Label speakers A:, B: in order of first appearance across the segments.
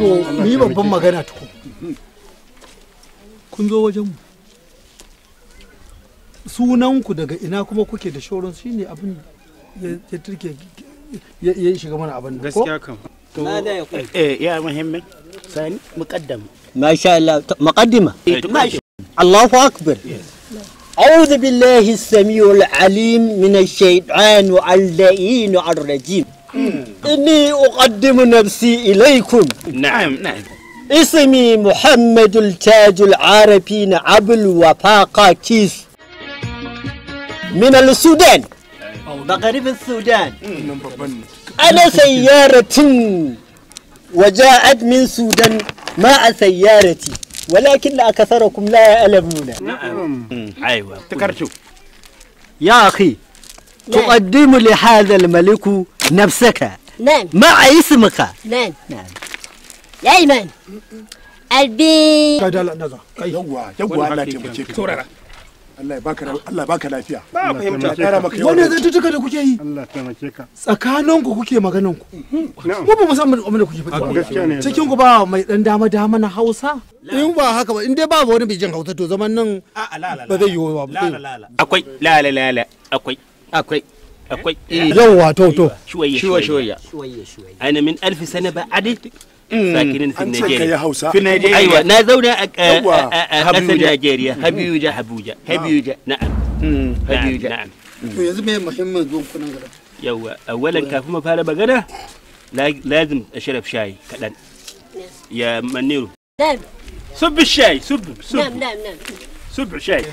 A: to mu yi babban
B: magana tuku kun zo wajen mu sunanku daga ina kuma kuke da shoron shine abin ya turke
A: ya yi shiga mana abin da gaskiya kam na eh, eh ya
B: muhimmin sani muqaddam masha Allah eh, muqaddima Allahu akbar أعوذ بالله السميع العليم من الشيطان اللئين الرجيم إني أقدم نفسي إليكم نعم نعم اسمي محمد التاج العارفين عبد الوفاق كيس من السودان مغرب السودان أنا سيارة وجاءت من السودان مع سيارتي ولكن أكثركم لا يعلمون
A: نعم أيوة تكرتوا
B: يا أخي نعم. تقدم لهذا الملك نفسك نعم مع اسمك نعم نعم
A: ka. Tsakanin ku kuke maganan ku. Mu ba mu san abin da kuke fita. ba mai dan dama dama na Hausa. In ba ba in dai ba wani bijin Hausa to zaman nan ba zai yiwu ba. Akwai la la akwai akwai. akwai yawa to to shuwayya shuwayya ana min alfi sana ba adi sakinin fi Najeriya fi Najeriya aiwa na zauna a kasar Najeriya Habibuja Habuja Habibuja na'am Habibuja na'am
B: to yanzu me muhimmin zuwan kunan gaba
A: yawa awalan kafin mu fara magana لازم اشرب شاي كدن يا منيرو نعم صب الشاي صب صب نعم نعم نعم سبع شيء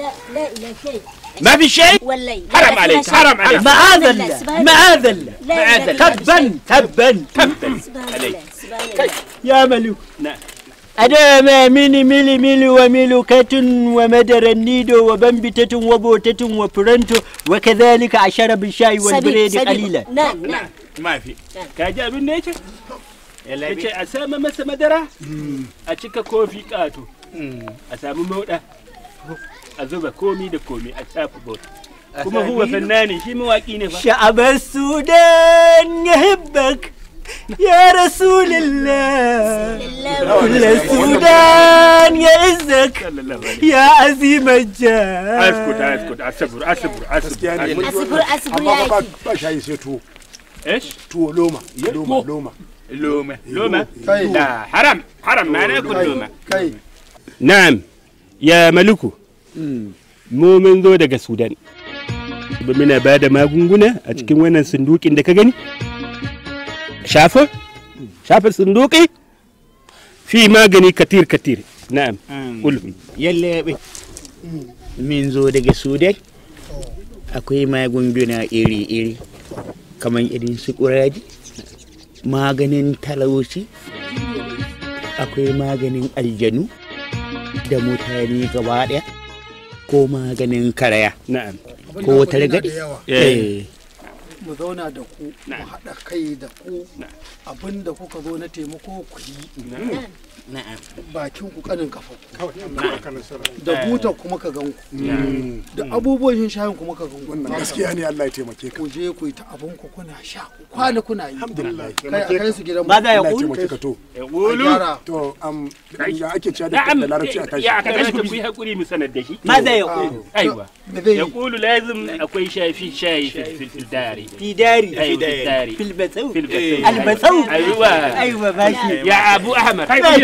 B: لا لا لا شيء ما في شيء والله حرم عليك حرام عليك معاذ الله معاذ الله معاذ الله تبا تبا تبا عليك يا ملوك أنا ما ميني ميلي ميلي وميلو كاتن ومدر النيدو وبنبتة وبوتة وبرنتو وكذلك عشرة بالشاي والبريد قليلا نعم نعم
A: ما في كاجا بالنيتر ce a sama masa madara a cika kofi kato a samu mauda a zuba komi da komi a tsafi bot kuma huwa fannani shi mawaki ne fa sha'abar
B: sudan ya hibbak يا رسول الله
A: كل السودان يعزك
B: يا عزيم الجاه
A: اسكت لومة لومة لا حرام حرام ما ناكل لومة نعم يا ملكو zo daga sudan muna ba da magunguna a cikin wannan sundukin da ka gani shafa hmm. shafa fi magani katir katir na'am hmm. ulfi yallaɓe min hmm. zo daga sudan oh. akwai magunguna iri iri kamar irin su kuraji maganin talauci akwai maganin aljanu da mutane gaba ɗaya ko maganin karaya ko wata rigadi eh.
B: mu zauna da ku mu haɗa kai da ku abinda kuka zo na taimako ku yi bakin ku kanin kafa
A: da eh. buta kuma ka gan ku da abubuwan shayin kuma ka gan ku wannan gaskiya ne Allah ya taimake ka ku je ku yi ta abun ku kuna sha kwana kuna yi alhamdulillah kai a kai su gidan mu Allah ya taimake ka to yaqulu eh, to am ya ake cewa da larabci a kai ya aka tashi ku yi hakuri mu sanar da shi ma da yaqulu aiwa yaqulu lazim akwai shafi shayi
B: fil dari fi dari fi dari fil batau fil batau aiwa aiwa bashi ya abu ahmad